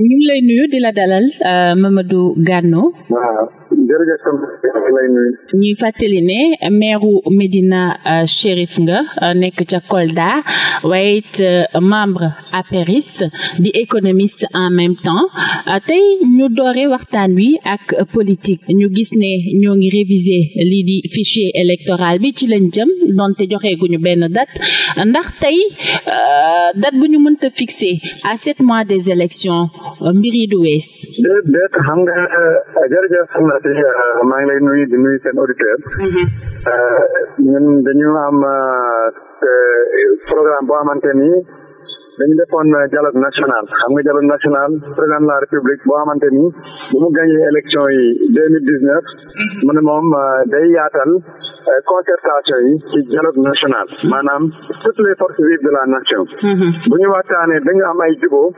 ñu ngi lay nuyu di la dalal euh, Mamadou Ganno waaw jërëjëf ñuy fàttali ne maireu Médina euh, Chérif nga euh, nekk ca Kolda waaye it membre apéris di économiste en même temps tey ñu doore waxtaan wi ak politique ñu gis ne ñoo ngi réviser lii di fichier électoral bi ci lañ jëm donte joxeeguñu benn date ndax tey date bu ñu mënta fixer à sept mois des élections mbir yi du wees. déedéet xam nga euh, jërëjëf soxna si euh, maa ngi lay nuyu di nuyu seen auditeur. Mhm. Euh, ñun dañu am programme boo xamante ni dañu defoon dialogue national xam nga dialogue national président de la république boo xamante ni bu mu gañee élection yi deux mille dix mhm. mu ne moom day yaatal concertation yi ci dialogue national maanaam toutes les forces vives de la nation mhm. bu waxtaanee dañu am ay jubóo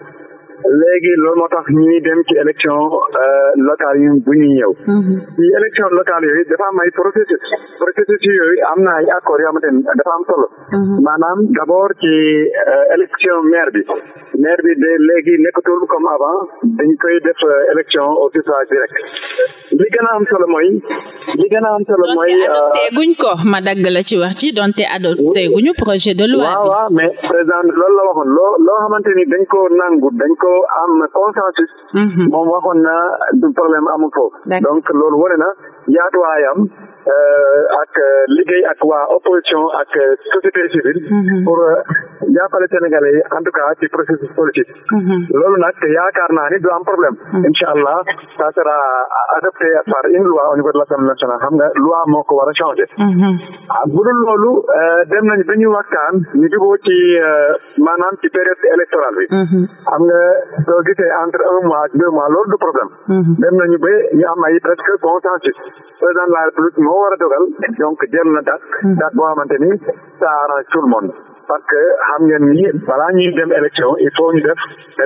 léegi loolu moo tax ñuy dem ci élection euh, locale yi bu ñuy ñëw mm-hmm. ci élection locale yooyu dafa am ay processus processus yooyu am na ay accords yoo xamante ne dafa am solo mm-hmm. maanaam d'abord ci euh, élection maire bi maire bi de léegi nekkatul comme avant dañ koy def euh, élection au suffrage direct li gën a am solo mooy li gën a am solo mooy euh, adopté guñ ko ma dagg la ci wax ci donte adopté guñu projet de loi waaw mais président loolu la waxoon loo loo xamante ni dañ ko nangu dañ ko am consensus mhm. moom waxoon na du problème amul foofu donc loolu wane na yaatuwaayam euh, ak liggéey ak waa opposition ak société civile mhm. pour jàppale sénégalais yi en tout cas ci processus politique. Mhm. loolu nag yaakaar naa ni du am problème. Mhm. incha allah ça sera adopté par une loi au niveau de l'Assemblée nationale xam nga loi moo war a changé. Mhm. Ah, bu dul loolu euh, dem nañ ba ñu waxtaan ñu juboo ci euh, maanaam ci période électorale bi. xam nga soo gisee entre un mois ak deux mois loolu du problème. dem nañu ba ñu am ay presque consensus président de la république moo war a dogal donc jël na date date boo xamante ni ça arrange tout le parce que xam ngeen ni balaa ñuy dem élection i faut ñu def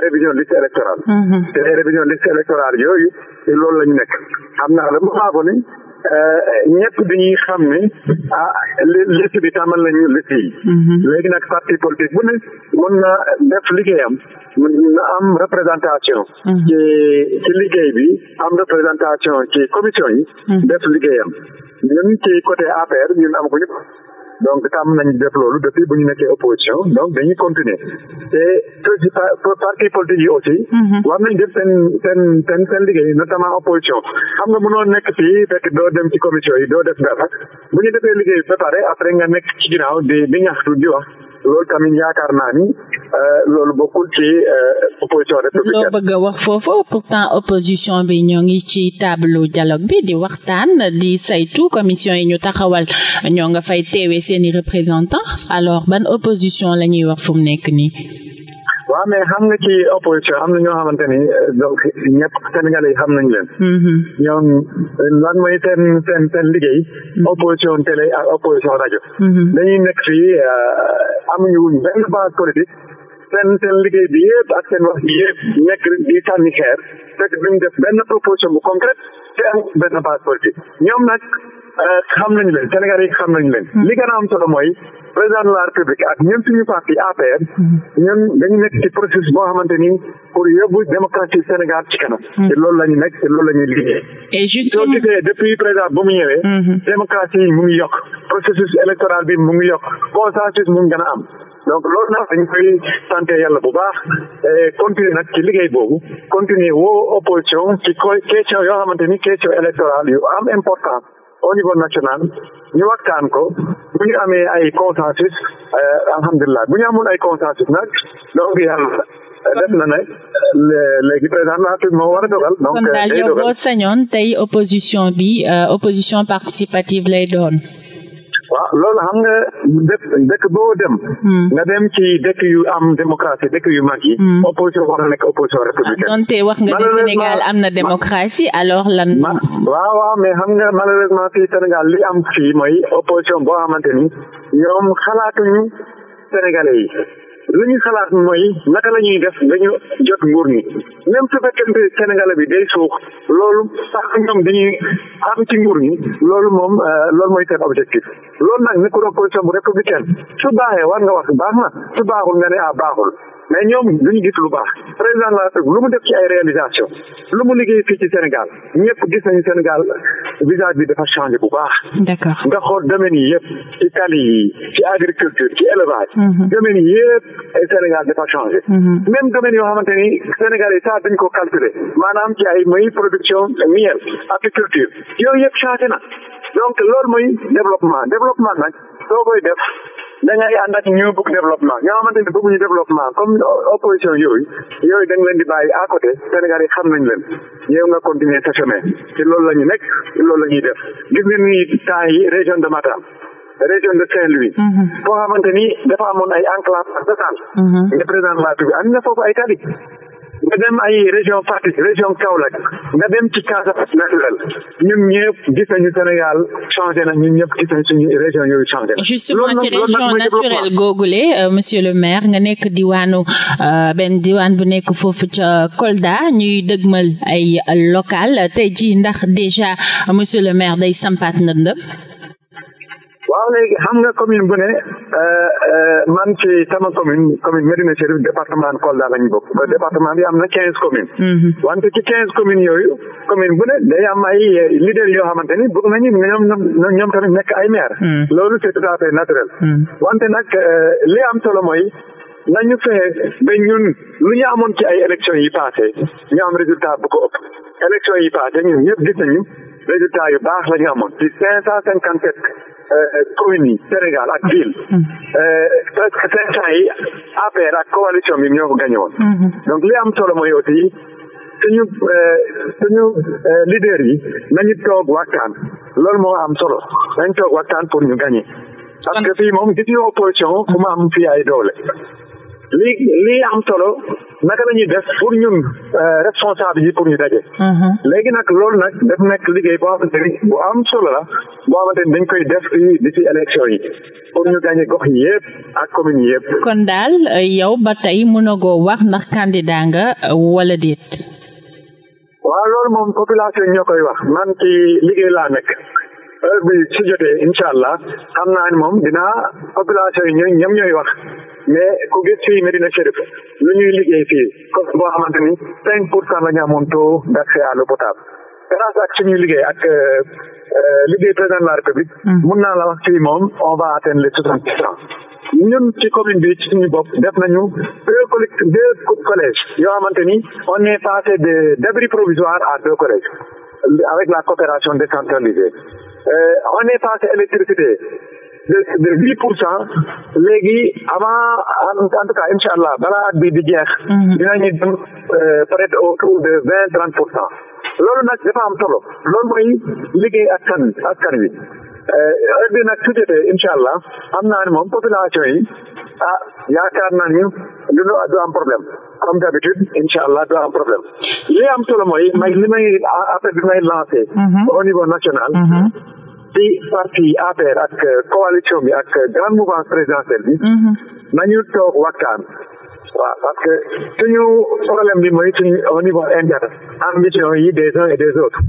révision liste électorale mhm. te révision liste électorale yooyu loolu la nekk xam naa la mu xaafo ni ñëpp dañuy xam ni ah liste bi tàmmal nañu liste yi mhm. léegi nag parti politique bu ne mën na def liggéeyam na am représentation mhm. ci ci liggéey bi am représentation ci commission yi def liggéeyam ñun ci côté APR ñun am ko ñëpp donc tàmm nañ def loolu depuis bu ñu nekkee opposition donc dañuy continuer te parti politique yi aussi mhm. war nañ def seen seen seen seen liggéey notamment opposition xam nga mënoo nekk fii fekk doo dem ci commission yi doo def dara bu ñu defee liggéey ba pare après nga nekk ci ginnaaw di di ñaxtu di wax loolu tamit yaakaar naa ni euh, loolu bokkul ci euh, opposition républicaine. loo bëgg a wax foofu pourtant opposition bi ñoo ngi ci tableau dialogue bi di waxtaan di saytu commission yi ñu taxawal ñoo nga fay teewee seeni représentants alors ban opposition la ñuy wax fu mu nekk nii. waaw mais xam nga ci opposition am na ñoo xamante ni eh, donc ñëpp Sénégalais yi xam nañ leen. Mm-hmm. ñoom eh, lan mooy seen seen seen liggéey. Mm-hmm. opposition télé ak opposition rajo. Mm-hmm. dañuy nekk fii eh, amuñu wuñ benn base politique. seen seen liggéey bi yëpp ak seen wax bi yëpp nekk di sànni xeer fekk duñ def benn proposition bu concrète benn base politique ñoom nag xam nañ leen Sénégalais yi xam nañ leen. li gën a am solo mooy. président de la république ak ñun suñu parti APR ñun dañu nekk ci processus boo xamante ni pour yóbbu démocratie Sénégal ci kanam te mm. loolu la ñu nekk te loolu la ñuy liggéey et justement soo gisee depuis président bu mu ñëwee mm-hmm. démocratie mu ngi yokk processus électoral bi mu ngi yokk consensus mu ngi gën a am donc loolu nag dañ koy sante yàlla bu baax continuer nag ci liggéey boobu continuer woo opposition ci question yoo xamante ni question électorale yu am important au niveau national ñu waxtaan ko bu ñu amee ay consensus euh, alhamdulilah bu ñu amul ay consensus nag donc yàlla def na nag léegi président de la République moo war a dogal. donc day dogal kon daal euh, yow boo sañoon tey opposition bi euh, opposition participative lay doon. waaw lool xam nga dëkk dëkk boo dem. Hmm. nga dem ci dëkk yu am démocratie dëkk yu mag yi. Hmm. opposition war na nekk opposition républicaine. donte wax nga ne Sénégal am na démocratie alors lan. waaw waaw mais xam nga malheureusement fii Sénégal li am fii mooy opposition boo xamante ni ñoom xalaatuñu sénégalais yi. lu ñu xalaat mooy naka la ñuy def dañu jot nguur ñi même su fekkente Sénégal bi day suux loolu sax ñoom dañuy am ci nguur ñi loolu moom euh, loolu mooy seen objectif loolu nag nekkul opposition bu républicaine su baaxee war nga wax baax na su baaxul nga ne ah baaxul mais ñoom ñu gis lu baax président la lu mu def ci ay réalisation lu mu liggéey fii ci Sénégal ñëpp gis nañu Sénégal visage bi dafa changé bu baax. d'accord nga xool domaines yi yëpp ci tali yi ci agriculture ci élevage. Mhm. domaines yi yëpp ay Sénégal dafa changé. Mhm. même domaines yoo xamante ni Sénégal yi sax dañ ko calculé maanaam ci ay muy production miel apiculture yooyu yëpp changé na donc loolu mooy développement développement nag soo koy def. da ngay ànd ak ñu bëgg développement ñu xamante ni bëgguñu développement comme opposition yooyu yooyu da nga leen di bàyyi à côté Sénégal yi xam nañ leen yow nga loolu la ñu nekk ci loolu la ñuy def gis ngeen ni temps yi région de Matam région de Saint-Louis. Mm-hmm. foo xamante ni dafa amoon ay enclave de centre. Mm-hmm. nga président de la République am na foofu ay tali. nga dem ay région Fatick région Kaolack nga dem ci Casamance naturel ñun ñëpp gis nañu Sénégal changé na ñun ñëpp gis nañu suñu région yooyu changé région naturelle googule euh, monsieur le maire nga nekk diwaanu euh, benn diwaan bu nekk foofu ca Kolda ñuy dëgmal ay local tey ji ndax déjà euh, monsieur le maire day sampaat ndëndëm. waaw léegi xam nga commune bu ne euh, euh, man ci sama commune commune Médina Chérif département Kolda lañ bokk ba département bi am na quinze communes mhm. wante ci quinze communes yooyu commune bu ne day am ay euh, leader yoo xamante ni bëgg nañu ñoom ñoom tamit nekk ay maire mhm. loolu c'est tout à naturel mhm. wante nag li am solo mooy nañu fexe ba ñun lu ñu amoon ci ay élections yi passé ñu am résultat bu ko ëpp élections yi passé ñun ñëpp gis nañu résultat yu baax la ñu amoon ci cinq cent cinquante Eh, eh, commune yi Sénégal ak ville mm-hmm. eh, seen temps yi APR ak coalition bi ñoo ko gagné woon mm-hmm. li am solo mooy aussi suñu suñu leader yi nañu toog waxtaan loolu moo am solo nañu toog waxtaan pour ñu gagné parce que moom gis ñu opposition fu mu am fii ay doole li li am solo naka la ñuy def pour ñun euh, responsable yi pour ñu daje. Mhm. léegi nag loolu nag def nekk liggéey boo xamante am solo la boo xamante ni dañ koy def ci di ci élection yi pour ñu gagné gox yëpp ak commune yëpp. kon daal yow ba tey mënagoo wax ndax candidat nga wala déet. waaw loolu moom population ñoo koy wax man ci liggéey laa nekk heure jotee incha allah xam naa ni moom dinaa population yi ñoom ñooy wax mais ku gis fii Médina Chérif lu ñuy liggéey fi comme boo xamante ni cinq pour cent la ñu amoon taux d' accès à l' potable grâce ak suñuy liggéey ak euh, liggéey président de la république hmm. mun naa la wax fii moom on va atteindre les soixante pour cent ñun ci commune bi ci bok bopp def nañu deux collect deux collèges yoo xamante ni on est passé de d' abri à deux collèges avec la coopération décentralisée euh, on est passé électricité de de dix pour cent léegi avant en tout allah balaa at bi di jeex. Mhm. dinañu dem euh, peut-être autour de vingt trente pour cent. loolu nag dafa am solo loolu mooy liggéey askan askan wi euh, heure bi nag su jotee incha allah am naa ne moom population yi ah yaakaar naa ni lu nu du am problème comme d'habitude incha allah du am problème li am solo mooy may li may appel bi may lancé mhm. au niveau national mhm. di parti APR ak euh, coalition bi ak euh, grande mouvance présidentielle bi mhm. nañu toog waxtaan waaw parce que suñu problème bi mooy suñu au niveau interne ambition yi des uns et des autres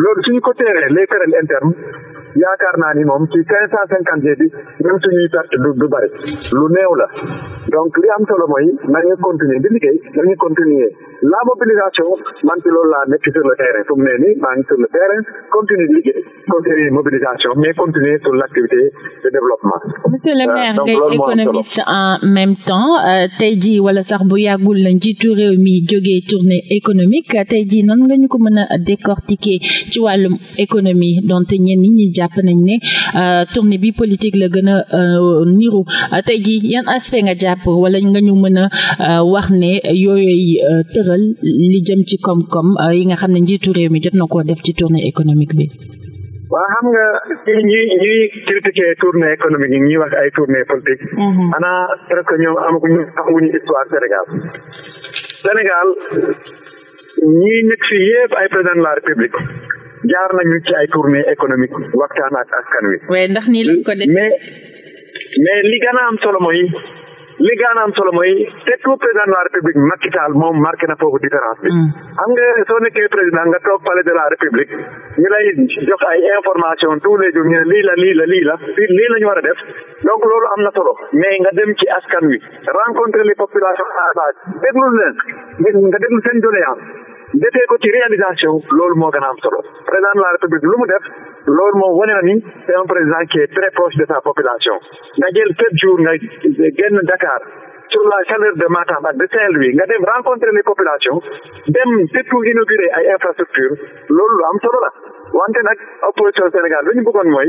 loolu suñu ko teeree les querelles internes yaakaar naa ni moom ci cinq cent cinquante bi même suñuy perte du bari lu neew la donc li am solo mooy nañu continuer di liggéey nañu continuer la mobilisation man ci loolu laa nekk sur le terrain fu mu ne nii maa ngi sur le terrain mobilisation mais continuer sur l' activité de développement. monsieur le euh, maire ngay économiste en même temps euh, tey jii wala sax bu yàggul la njiitu réew mi jógee tournée économique tey jii nan nga ñu ko mën a décortiquer ci wàllum économie donte ñenn ñi jàpp nañ ne euh, tournée bi politique la gën a euh, niru tey ji yan aspect nga jàpp wala nga ñu mën a euh, wax ne yooyu tëral li jëm ci koom-koom yi nga xam ne njiitu réew mi jot na koo def ci tournée économique bi waa xam nga ñi ñi critiquer tournée économique yi ñuy wax ay tournée politique mhm. xanaa presque ñoom amaguñu amaguñu histoire Sénégal Sénégal ñi nekk fi yëpp ay président de la République jaar nañu ci ay tournée économique waxtaan ak askan wi. waaye ndax nii lañ ko def. mais mais li gën am solo yi li gën am solo mooy surtout président de la république Macky Sall moom marqué na foofu différence bi. Mm. xam nga soo nekkee président nga toog palais de la république ñu lay jox ay information tous les jours ñu ne lii la lii la lii la lii la ñu war a def donc loolu am na solo mais nga dem ci askan wi rencontrer les populations à la base déglu leen nga déglu seen doléance jëtee ko ci réalisation loolu moo gën am solo président la république lu mu def loolu moo wane na ni c'est un président qui est très proche de sa population nga jël sept jours nga génn Dakar sur la chaleur de Matam ak de Saint-Louis nga dem rencontrer les populations dem surtout inaugurer ay infrastructure loolu lu am solo la wante nag opposition Sénégal lu ñu bëggoon mooy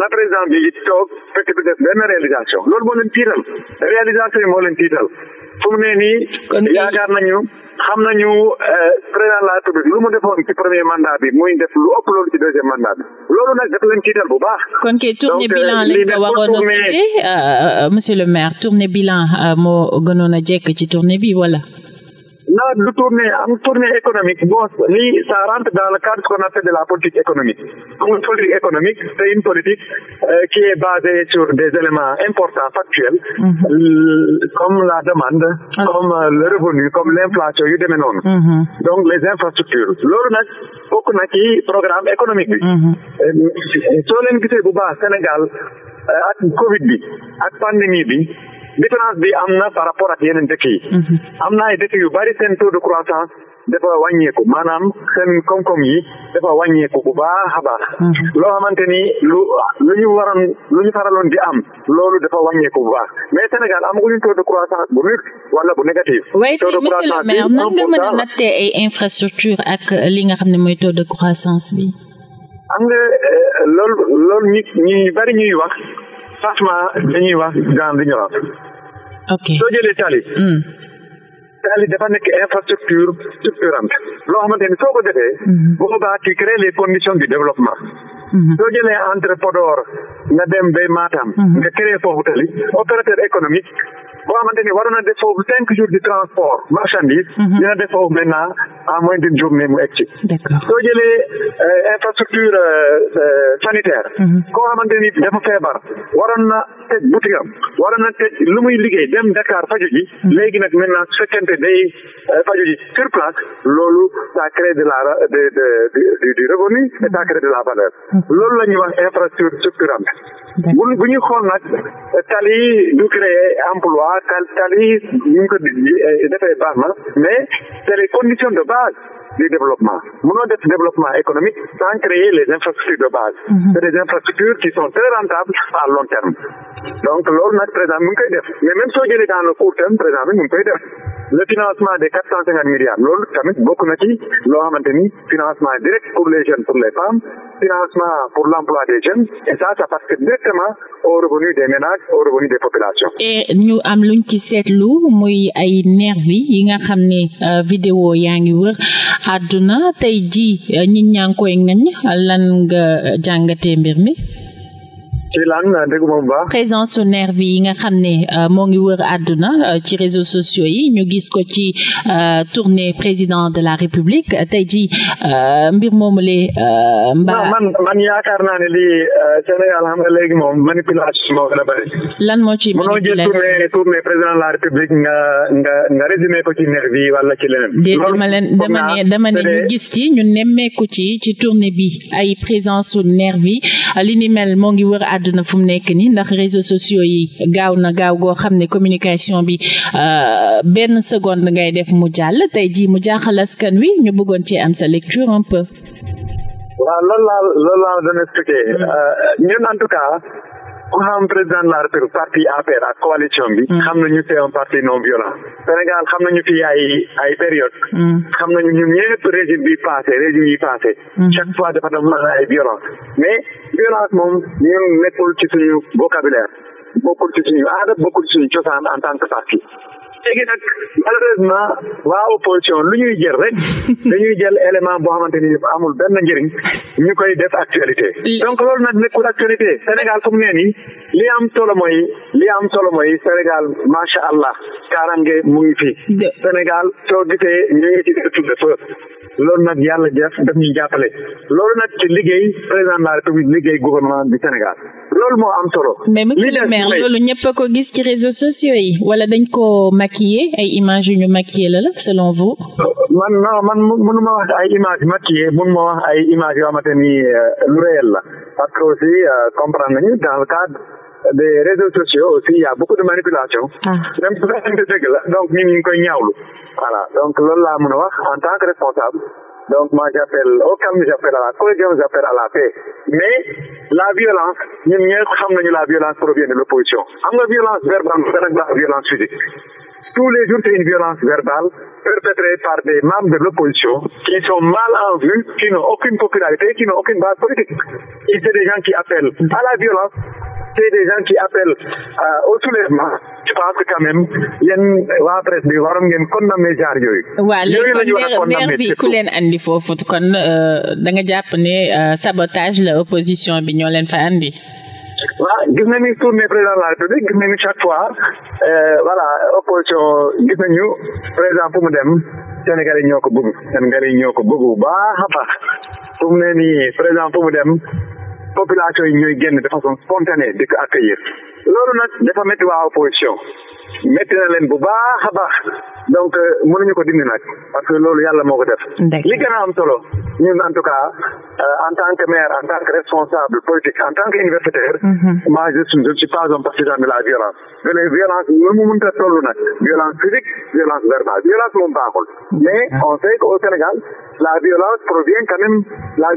na président bi it toog fekk du def benn réalisation loolu moo leen tiital réalisation moo leen tiital xam nañu euh, président de la république lu mu defoon ci premier mandat bi muy def lu ëpp loolu ci deuxième mandat bi loolu nag dafa leen tiital bu baax. kon kay tourné euh, bilan lañ ko waroon a tuddee euh, monsieur le maire tourné bilan moo gënoon a jekk ci tourné bi wala. là, du tournée am tournée économique bon lii ça rentre dans le cadre qu'on appelle de la politique économique une politique économique c'est une politique euh, des éléments important factuels mm la demande ah. comme euh, le yu demee noonu mm -hmm. donc les infrastructures loolu nag bokk na ci programme bi mhm. euh, soo leen gisee bu baax Sénégal euh, ak Covid bi ak pandémie bi différence bi am na par rapport ak yeneen dëkk yi. Mhm. am na ay dëkk yu bari seen taux de croissance dafa wàññeeku maanaam seen kom koom yi dafa wàññeeku bu baax a baax. Mhm. loo xamante ni lu lu ñu waroon lu ñu faraloon di am loolu dafa wàññeeku bu baax mais Sénégal amaguñu taux de croissance bu nul wala bu négatif. taux de croissance bi am nan a nattee ay euh, nga xam ne mooy taux de croissance bi. am nga euh, loolu loolu ñi bari ñuy wax franchement dañuy wax dans l'ignorance. ok soo jëlee tali. Mm. tali dafa nekk infrastructure structurante loo xamante ni soo ko defee. Mm-hmm. boobaa tu crées les conditions du développement. Mm-hmm. soo jëlee entre Podor nga dem bay Matam. Mm-hmm. nga créé foofu tali opérateur économique boo xamante ni waroon na def foofu cinq jours de transport marchandise. dina def foofu en moins d'une journée mu egg ci soo jëlee euh, infrastructure euh, euh, sanitaire mhm. koo xamante ni dafa feebar waroon na tëj boutique am waroon na tëj lu muy liggéey dem Dakar faju ji mhm. léegi nag maintenant su fekkente day faju ji loolu ça crée de la de de du revenu et ça crée de la valeur loolu lañu ñuy wax infrastructure am bu bu ñu xool nag tali du créer emploi tali ñu ko defee baax base du développement mënoo def développement économique sans créer les infrastructures de base mhm. c'est des infrastructures qui sont très rentables long terme donc loolu nag président mu ngi def mais même soo jëlee dans le court terme président def le financement des quatre cent cinquante milliards loolu tamit bokk na ci loo xamante ni financement direct pour les financement pour l'emploi des jeunes et ça ça participe directement des ménages au revenu des populations. et ñu am luñ ci seetlu muy ay nervi yi nga xam ne euh, vidéo yaa ngi wër àdduna tey ji ñi euh, ñaa ngañ lan nga euh, jàngatee mbir mi. ci lan ma bu baax. présence nga xam ne euh, moo ngi wër àdduna euh, ci réseaux sociaux yi ñu gis ko ci euh, tournée président de la république tey ji mbir moomu lee. mbaa man man yaakaar naa ne lii xam nga léegi moom manipulation a lan moo ci manipulation mënoo jël tournée tournée président la république nga nga nga résumé ko ci nervi yi wala ci leneen. leen dama ñu gis ci ñu nemmeeku ci ci tournée bi ay présence su nervi li ni mel moo ngi wër àdduna fu mu nekk nii ndax réseaux sociaux yi gaaw na gaaw goo xam ne communication bi euh, benn seconde ngay def mu jàll tey jii mu jaaxal askan wi ñu bëggoon ci am sa lecture un peu. waaw loolu laa loolu laa doon expliqué mm. euh, ñun en ku xam président la République parti APR ak coalition bi. Mm. xam na c'est un parti non violent. Sénégal xam nañu fi ay ay période mm. xam nañu ñu ñëpp régime bi passé régime yi passé. Mm. chaque fois dafa doon mën ay violence mais violence moom ñun nekkul ci suñu vocabulaire bokkul ci suñu aada bokkul ci suñu cosaan en tant que parti. léegi nag malheureusement waa opposition lu ñuy jël rek dañuy jël élément boo xamante ni amul benn njëriñ ñu koy def actualité donc loolu nag nekkul actualité Sénégal fu mu nee nii li am solo mooy li am solo yi Sénégal macha allah kaaraange mu ngi fi Sénégal soo gisee ñu ngi ci tudd feu loolu nag yàlla def daf ñuy jàppale loolu nag ci liggéey président de la république liggéey gouvernement du Sénégal loolu moo am solo. mais monsieur le maire loolu ñëpp a ko gis ci réseaux sociaux yi wala dañ ko maquiller ay images yu ñu maquiller la la selon vous. man non man mënuma wax ay images maquillées mënuma wax ay images yoo xamante ni euh, lu réel la parce que aussi euh, comprendre nañu dans le cadre. des réseaux sociaux aussi il a beaucoup de manipulation. Ah. même voilà donc loolu laa mën a wax en tant que responsable donc moi j'appelle au calme j'appelle à la cohésion j'appelle la paix mais la violence ñun ñëpp xam nañu la violence provient de l'opposition am nga violence verbale c'est nag la violence physique tous les jours c'est une violence verbale perpétrée par des membres de l'opposition qui sont mal en vue qui n'ont aucune popularité qui n'ont aucune base politique et c'est des gens qui la violence c'est des gens qui appellent euh, au je pense que quand waa presse bi waroon ngeen condamner genre jaar yooyu la ñu a condamner bi ku leen andi foofu kon euh, da nga jàpp ne euh, sabotage la opposition bi ñoo leen fa andi. waaw gis nañu tournée président de la république gis nañu chaque fois euh, voilà opposition gis nañu président fu mu dem Sénégal yi ñoo ko bëgg Sénégal yi ñoo ko bëgg bu baax a baax nii président fu mu dem. population yi ñooy génn de façon spontanée di ko accueillir loolu nag dafa métti waa opposition métti na leen bu baax a baax donc euh, mënuñu ko dindi nag parce que loolu yàlla moo ko def. li gën a am solo ñun en tout cas euh, en tant que maire en tant que responsable politique en tant que universitaire. Mhm. moi je je suis pas un partisan de la violence. violence lu mu mënta toll nag violence physique violence verbale violence moom baaxul mais ah. on sait qu'au Sénégal la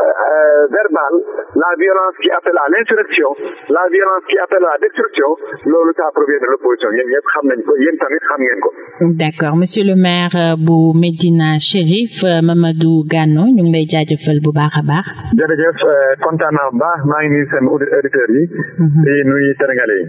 Euh, verbale la violence qui appelle à l'insurrection la violence qui appelle à la destruction loolu ça provient de l'opposition yéen ñëpp xam nañ ko yéen tamit xam ngeen ko. d'accord monsieur le maire euh, bu Médina Chérif euh, Mamadou Gano ñu ngi lay jaajëfal bu baax a baax. jërëjëf kontaan naa bu baax maa ngi nuyu seen auditeurs yi. Mhm. di nuyu sénégalais yi.